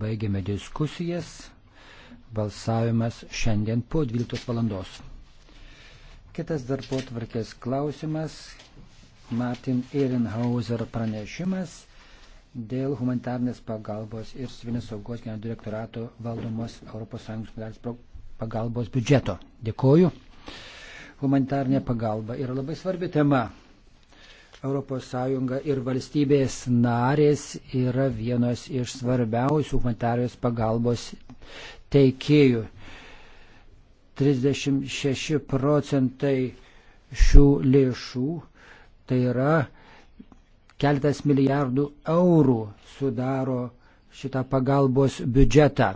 baigėme diskusijas. Balsavimas šiandien po 12 valandos. Kitas darbo tvarkės klausimas. Martin Ehrenhauser pranešimas dėl humanitarnės pagalbos ir civilinės saugos generalinio direktorato valdomos ES pagalbos biudžeto. Dėkoju. Humanitarnė pagalba yra labai svarbi tema. ES ir valstybės narės yra vienos iš svarbiausių humanitarios pagalbos teikėjų. 36 procentai šių lėšų, tai yra keltas milijardų eurų sudaro šitą pagalbos biudžetą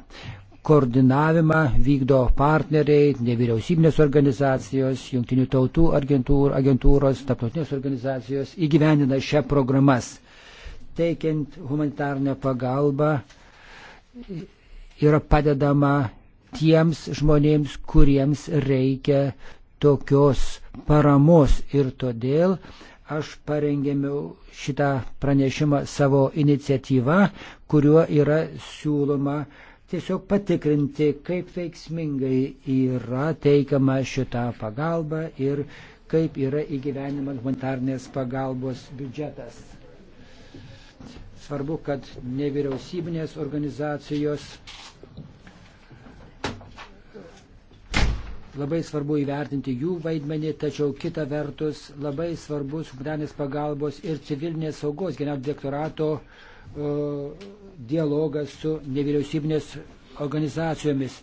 koordinavimą vykdo partneriai, nevyriausybinės organizacijos, jungtinių tautų agentūr, agentūros, taptautinės organizacijos įgyvendina šią programas. Teikiant humanitarnę pagalbą yra padedama tiems žmonėms, kuriems reikia tokios paramos ir todėl aš parengėmiau šitą pranešimą savo iniciatyvą, kuriuo yra siūloma tiesiog patikrinti, kaip veiksmingai yra teikiama šita pagalba ir kaip yra įgyvenimas humanitarnės pagalbos biudžetas. Svarbu, kad nevyriausybinės organizacijos labai svarbu įvertinti jų vaidmenį, tačiau kita vertus labai svarbus humanitarnės pagalbos ir civilinės saugos generalinio direktorato uh, E, dialogą su nevyriausybinės organizacijomis.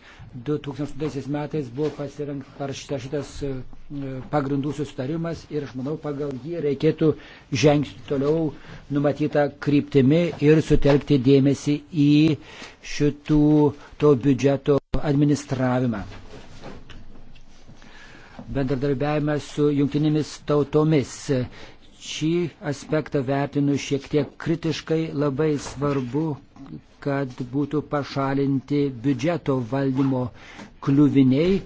2000 metais buvo pasirašytas šitas e, e, pagrindų sustarimas ir aš manau, pagal jį reikėtų žengti toliau numatytą kryptimį ir sutelkti dėmesį į šitų to biudžeto administravimą. Bendradarbiavimas su jungtinėmis tautomis šį aspektą vertinu šiek tiek kritiškai, labai svarbu, kad būtų pašalinti biudžeto valdymo kliuviniai.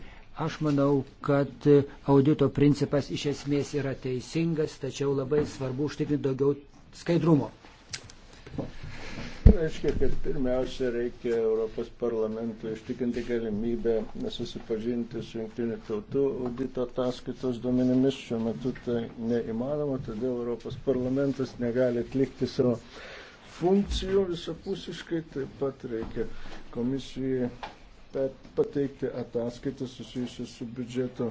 Aš manau, kad audito principas iš esmės yra teisingas, tačiau labai svarbu užtikrinti daugiau skaidrumo reiškia, kad pirmiausia reikia Europos parlamentui ištikinti galimybę susipažinti su jungtinių tautų audito ataskaitos duomenimis. Šiuo metu tai neįmanoma, todėl Europos parlamentas negali atlikti savo funkcijų visapusiškai. Taip pat reikia komisijai pateikti ataskaitą susijusią su biudžeto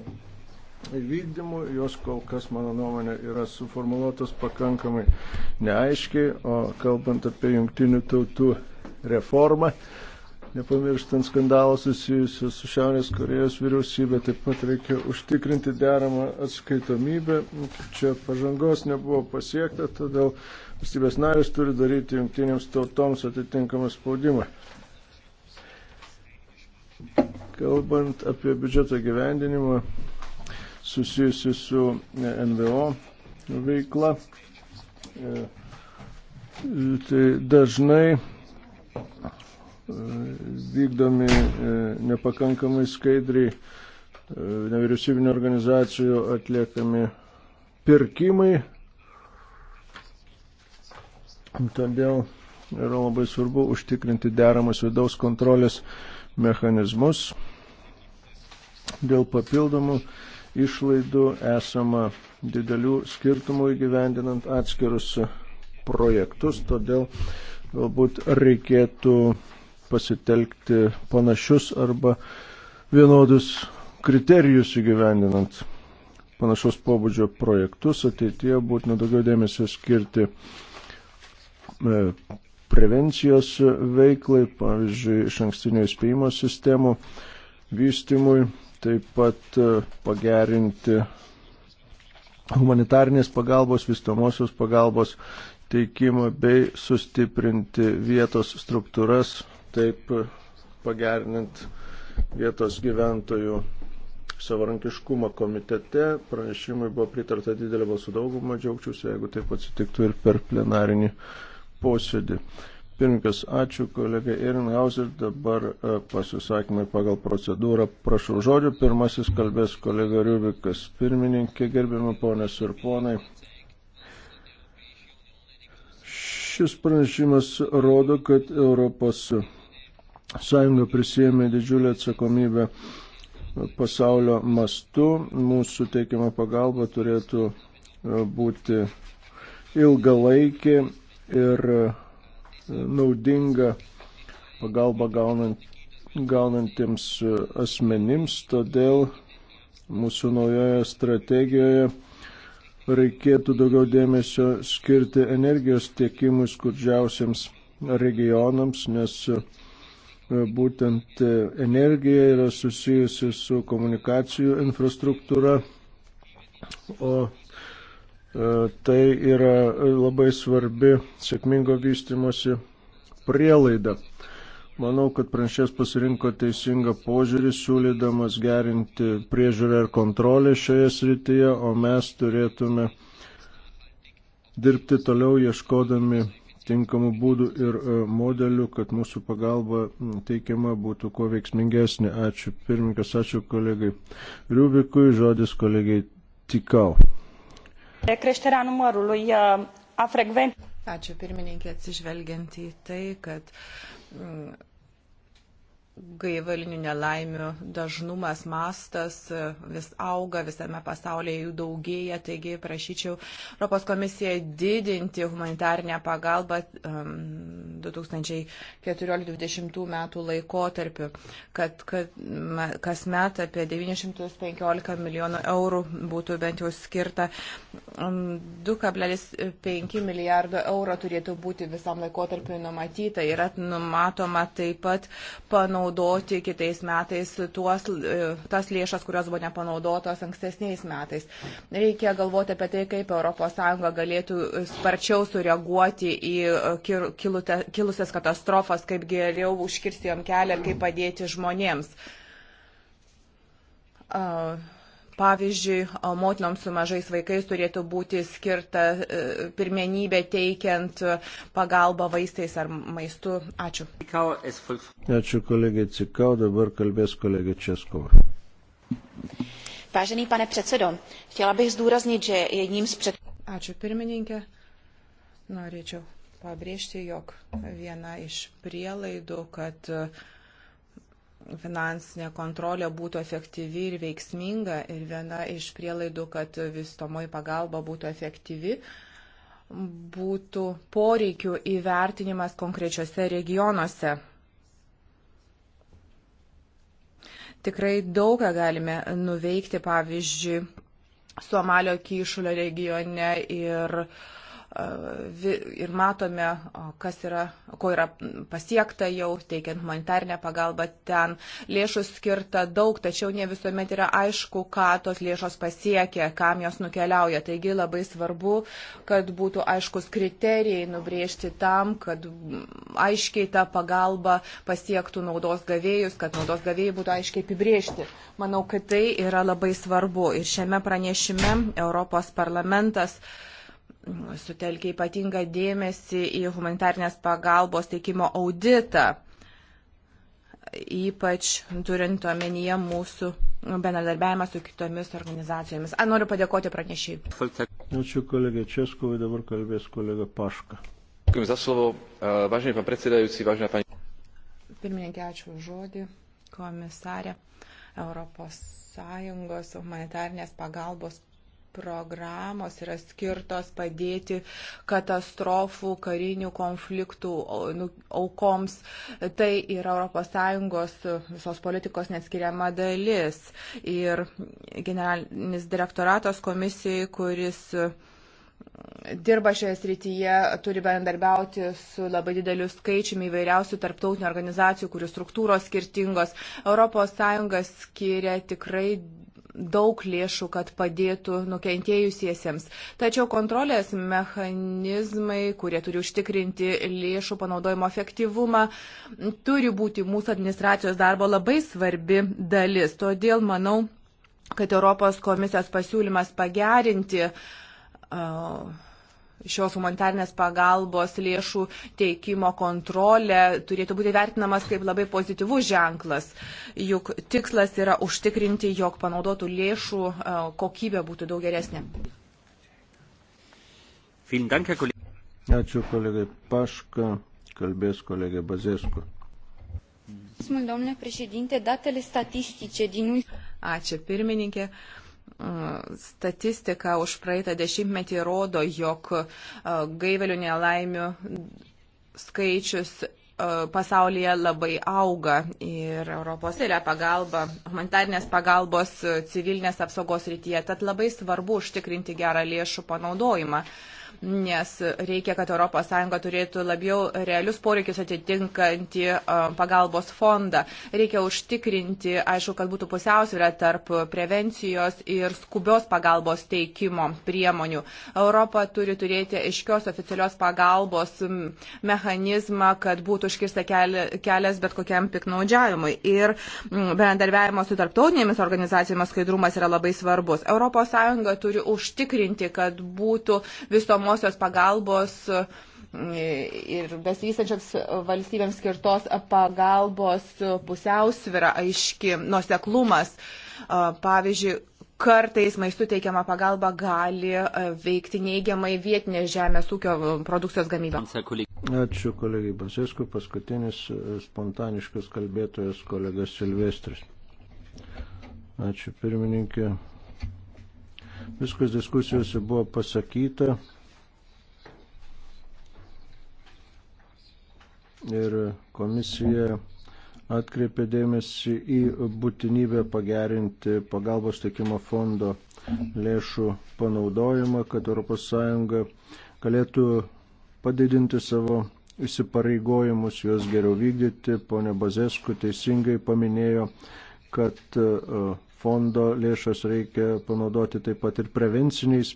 vykdymu, jos kol kas, mano nuomonė, yra suformuoluotos pakankamai neaiškiai, o kalbant apie jungtinių tautų reformą, nepamirštant skandalą susijusiu su Šiaurės Korejos vyriausybė, taip pat reikia užtikrinti deramą atskaitomybę. Čia pažangos nebuvo pasiekta, todėl valstybės narės turi daryti jungtinėms tautoms atitinkamą spaudimą. Kalbant apie biudžeto gyvendinimą, susijusi su e, NVO veikla. E, tai dažnai e, vykdomi nepakankamai skaidriai nevyriausybinio organizacijų atliekami pirkimai. Todėl yra labai svarbu užtikrinti deramas vidaus kontrolės mechanizmus dėl papildomų išlaidų, esama didelių skirtumų įgyvendinant atskirus projektus, todėl galbūt reikėtų pasitelkti panašius arba vienodus kriterijus įgyvendinant panašaus pobūdžio projektus. Ateityje būtina daugiau dėmesio skirti e, prevencijos veiklai, pavyzdžiui, iš ankstinio įspėjimo sistemų vystimui taip pat e, pagerinti humanitarnės pagalbos, vystomosios pagalbos teikimą bei sustiprinti vietos struktūras, taip e, pagerinant vietos gyventojų savarankiškumą komitete. Pranešimai buvo pritarta didelė balsų dauguma, džiaugčiausi, jeigu taip atsitiktų ir per plenarinį posėdį. Pirmininkas, ačiū kolega Irinhauser, dabar e, pasisakymai pagal procedūrą. Prašau žodžių, pirmasis kalbės kolega Riubikas, pirmininkė, gerbiami ponės ir ponai. Šis pranešimas rodo, kad Europos Sąjunga prisėmė didžiulę atsakomybę pasaulio mastu. Mūsų teikiama pagalba turėtų e, būti ilgalaikė ir naudinga pagalba gaunant, gaunantiems asmenims, todėl mūsų naujoje strategijoje reikėtų daugiau dėmesio skirti energijos tiekimui skurdžiausiams regionams, nes e, būtent e, energija yra susijusi su komunikacijų infrastruktūra, o E, tai yra e, labai svarbi sėkmingo vystimosi prielaida. Manau, kad pranšės pasirinko teisingą požiūrį, siūlydamas gerinti priežiūrę ir kontrolę šioje srityje, o mes turėtume dirbti toliau ieškodami tinkamų būdų ir e, modelių, kad mūsų pagalba teikiama būtų kuo veiksmingesnė. Ačiū pirmininkas, ačiū kolegai Riubikui, žodis kolegai Tikau creșterea numărului uh, a frecvent. Ačiū pirmininkė, atsižvelgiant į tai, kad mm, gaivalinių nelaimių dažnumas, mastas vis auga, visame pasaulyje jų daugėja, taigi prašyčiau Europos komisiją didinti humanitarnę pagalbą 2014-2020 um, metų laikotarpiu, kad, kad kasmet apie 915 milijonų eurų būtų bent jau skirta. 2,5 um, milijardo eurų turėtų būti visam laikotarpiu numatyta ir numatoma taip pat panaudoti panaudoti kitais metais tuos, e, tas lėšas, kurios buvo nepanaudotos ankstesniais metais. Reikia galvoti apie tai, kaip ES galėtų sparčiau sureaguoti į e, kilusias katastrofas, kaip geriau užkirsti jom kelią ir kaip padėti žmonėms. Uh Pavyzdžiui, motinoms su mažais vaikais turėtų būti skirta e, pirmenybė teikiant e, pagalbą vaistais ar maistu. Ačiū. Ačiū kolegė Cikau, dabar kalbės kolegė Českova. Vážený pane předsedo, chtěla bych zdůraznit, že jedním z před... Ačiū pirmininkė. Norėčiau pabrėžti, jog viena iš prielaidų, kad uh, finansinė kontrolė būtų efektyvi ir veiksminga ir viena iš prielaidų, kad vystomoji pagalba būtų efektyvi, būtų poreikių įvertinimas konkrečiose regionuose. Tikrai daugą galime nuveikti, pavyzdžiui, Somalio kyšulio regione ir uh, ir matome, kas yra, ko yra pasiekta jau, teikiant humanitarinę pagalbą ten. Lėšų skirta daug, tačiau ne visuomet yra aišku, ką tos lėšos pasiekia, kam jos nukeliauja. Taigi labai svarbu, kad būtų aiškus kriterijai nubriežti tam, kad aiškiai ta pagalba pasiektų naudos gavėjus, kad naudos gavėjai būtų aiškiai apibriežti. Manau, kad tai yra labai svarbu. Ir šiame pranešime Europos parlamentas Thank you sutelkia ypatingą dėmesį į humanitarnės pagalbos teikimo auditą, ypač turint omenyje mūsų bendradarbiavimą su kitomis organizacijomis. A, noriu padėkoti pranešiai. Ačiū kolegė Českovai, dabar kalbės kolega Paška. Ďakujem za slovo. Vážený pán predsedajúci, vážená pani... Pirmininkė, ačiū už žodį, komisarė. Europos Sąjungos humanitarnės pagalbos programos yra skirtos padėti katastrofų, karinių konfliktų nu, aukoms. Tai yra ES visos politikos neatskiriama dalis. Ir generalinis direktoratos komisijai, kuris mm, dirba šioje srityje, turi bendarbiauti su labai dideliu skaičiumi įvairiausių tarptautinių organizacijų, kurių struktūros skirtingos. ES skiria tikrai daug lėšų, kad padėtų nukentėjusiesiems. Tačiau kontrolės mechanizmai, kurie turi užtikrinti lėšų panaudojimo efektyvumą, turi būti mūsų administracijos darbo labai svarbi dalis. Todėl manau, kad Europos komisijos pasiūlymas pagerinti uh, šios humanitarnės pagalbos lėšų teikimo kontrolė turėtų būti vertinamas kaip labai pozityvus ženklas, juk tikslas yra užtikrinti, jog panaudotų lėšų e, kokybė būtų daug geresnė. Ačiū kolegai Paška, kalbės kolegai Bazėsku. Ačiū pirmininkė. Statistika už praeitą dešimtmetį rodo, jog gaivelių nelaimių skaičius pasaulyje labai auga ir Europos yra pagalba, humanitarnės pagalbos civilinės apsaugos rytyje, tad labai svarbu užtikrinti gerą lėšų panaudojimą. Uh, nes reikia, kad ES turėtų labiau realius poreikius atitinkantį pagalbos fondą. Reikia užtikrinti, aišku, kad būtų pusiausvyrė tarp prevencijos ir skubios pagalbos teikimo priemonių. Europa turi turėti aiškios oficialios pagalbos mechanizmą, kad būtų užkirsta kelias bet kokiam piknaudžiavimui. Ir bendarbiavimo su tarptautinėmis organizacijomis skaidrumas yra labai svarbus. ES turi užtikrinti, kad būtų visomos pirmosios pagalbos e, ir besivystančiams valstybėms skirtos pagalbos pusiausvira aiški, nuseklumas. E, pavyzdžiui, kartais maistų teikiama pagalba gali e, veikti neigiamai vietinės žemės ūkio produkcijos gamybą. Ačiū kolegai Basiskui, paskutinis spontaniškas kalbėtojas kolegas Silvestris. Ačiū pirmininkė. Viskas diskusijose buvo pasakyta, ir komisija atkreipė dėmesį į būtinybę pagerinti pagalbos teikimo fondo lėšų panaudojimą, kad ES galėtų padidinti savo įsipareigojimus, juos geriau vykdyti. Pone Bazesku teisingai paminėjo, kad e, fondo lėšas reikia panaudoti taip pat ir prevenciniais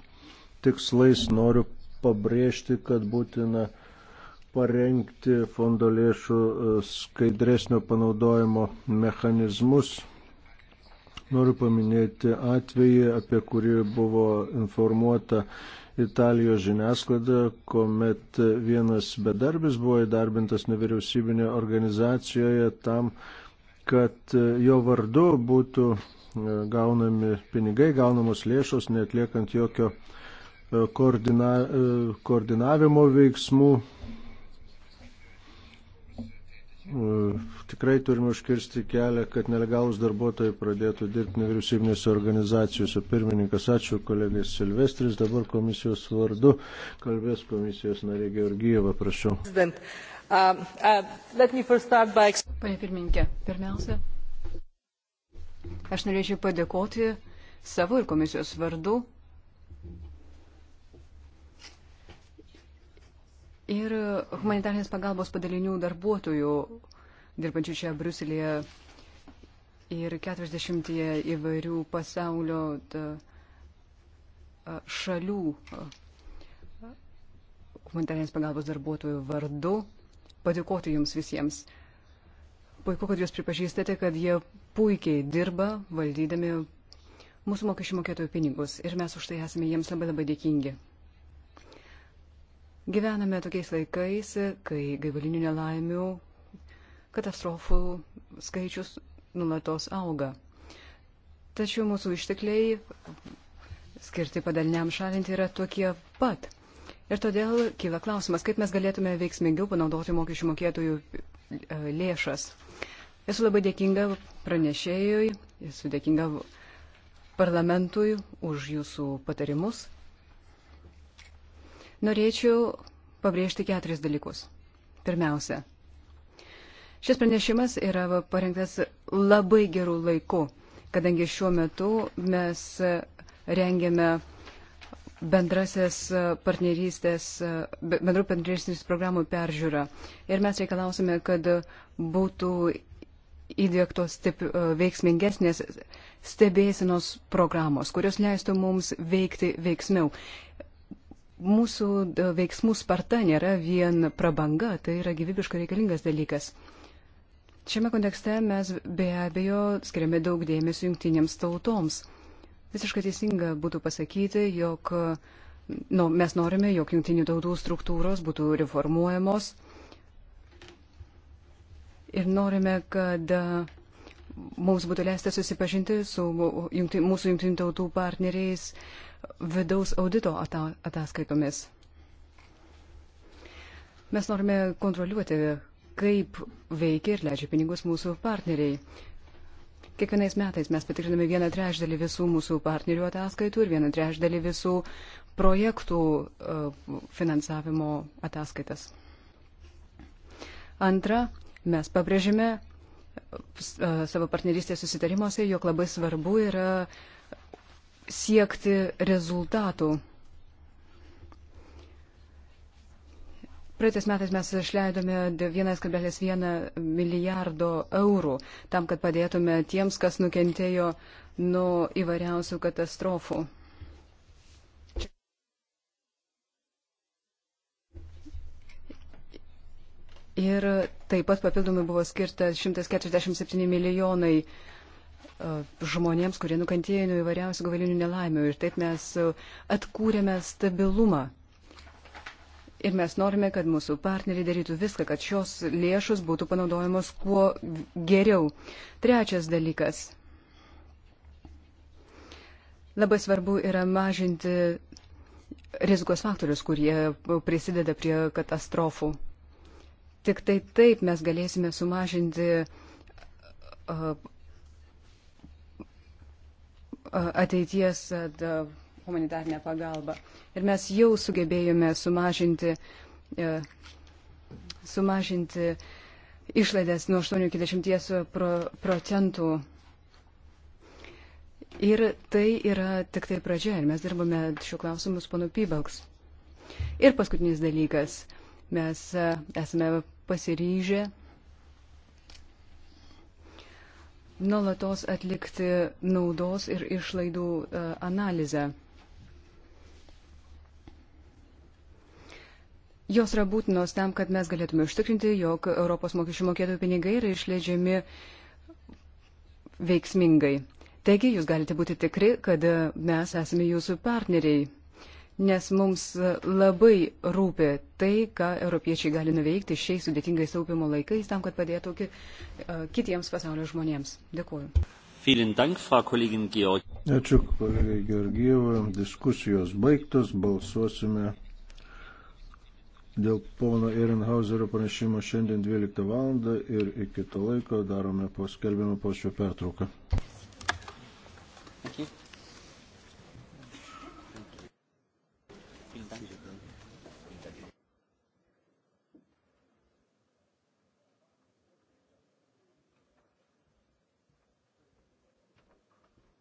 tikslais. Noriu pabrėžti, kad būtina uh, parengti fondo lėšų e, skaidresnio panaudojimo mechanizmus. Noriu paminėti atvejį, apie kurį buvo informuota Italijos žiniasklaida, kuomet vienas bedarbis buvo įdarbintas nevyriausybinėje organizacijoje tam, kad e, jo vardu būtų e, gaunami pinigai, gaunamos lėšos, netliekant jokio koordina, koordinavimo veiksmų E, tikrai turime užkirsti kelią, kad nelegalus darbuotojai pradėtų dirbti nevyriausybinėse organizacijose. Pirmininkas, ačiū kolegai Silvestris, dabar komisijos vardu kalbės komisijos narė Georgijeva, prašau. Uh, uh, Pane pirmininkė, pirmiausia, aš norėčiau padėkoti savo ir komisijos vardu ir humanitarnės pagalbos padalinių darbuotojų dirbančių čia Bruselėje ir 40 įvairių pasaulio šalių humanitarnės pagalbos darbuotojų vardu padėkoti jums visiems. Puiku, kad jūs pripažįstate, kad jie puikiai dirba valdydami mūsų mokesčių mokėtojų pinigus ir mes už tai esame jiems labai labai dėkingi. Gyvename tokiais laikais, kai gyvalinių nelaimių katastrofų skaičius nulatos auga. Tačiau mūsų ištekliai skirti padaliniam šalinti yra tokie pat. Ir todėl kyla klausimas, kaip mes galėtume veiksmingiau panaudoti mokesčių mokėtojų e, lėšas. Esu labai dėkinga pranešėjui, esu dėkinga parlamentui už jūsų patarimus Norėčiau pabrėžti keturis dalykus. Pirmiausia, šis pranešimas yra parengtas labai gerų laikų, kadangi šiuo metu mes rengiame bendrasis partnerystės, bendrų partnerystės programų peržiūrą. Ir mes reikalausime, kad būtų įdėktos stip, e, veiksmingesnės stebėsinos programos, kurios leistų mums veikti veiksmiau mūsų e, veiksmų sparta nėra vien prabanga, tai yra gyvybiškai reikalingas dalykas. Šiame kontekste mes be abejo skiriame daug dėmesio jungtinėms tautoms. Visiškai teisinga būtų pasakyti, jog nu, mes norime, jog jungtinių tautų struktūros būtų reformuojamos ir norime, kad e, mums būtų leista susipažinti su mūsų jungtinių tautų partneriais, uh, vidaus audito ataskaitomis. Mes norime kontroliuoti, kaip veikia ir leidžia pinigus mūsų partneriai. Kiekvienais metais mes patikriname vieną trečdalį visų mūsų partnerių ataskaitų ir vieną trečdalį visų projektų uh, finansavimo ataskaitas. Antra, mes pabrėžime uh, savo partnerystės susitarimuose, jog labai svarbu yra uh, siekti rezultatų. Praeitais metais mes išleidome 1,1 milijardo eurų tam, kad padėtume tiems, kas nukentėjo nuo įvairiausių katastrofų. Ir taip pat papildomai buvo skirta 147 milijonai eurų E, žmonėms, kurie nukentėjo nuo įvairiausių gavalinių nelaimių. Ir taip mes e, atkūrėme stabilumą. Ir mes norime, kad mūsų partneriai darytų viską, kad šios lėšos būtų panaudojamos kuo geriau. Trečias dalykas. Labai svarbu yra mažinti rizikos faktorius, kurie prisideda prie katastrofų. Tik tai taip mes galėsime sumažinti e, ateities humanitarnę pagalbą. Ir mes jau sugebėjome sumažinti, sumažinti išlaidas nuo 80 procentų. Ir tai yra tik tai pradžia. Ir mes dirbame šiuo klausimu su panu Pybalks. Ir paskutinis dalykas. Mes esame pasiryžę nuolatos atlikti naudos ir išlaidų e, analizę. Jos yra būtinos tam, kad mes galėtume užtikrinti, jog Europos mokesčių mokėtojų pinigai yra išleidžiami veiksmingai. Taigi, jūs galite būti tikri, kad e, mes esame jūsų partneriai nes mums labai rūpi tai, ką europiečiai gali nuveikti šiais sudėtingais taupimo laikais tam, kad padėtų ki, kitiems pasaulio žmonėms. Dėkuoju. Dank, Ačiū, kolegai Georgijevai. Diskusijos baigtos. Balsuosime dėl pono Ehrenhauserio pranešimo šiandien 12 val. ir iki to laiko darome paskelbimą po šio pertrauką.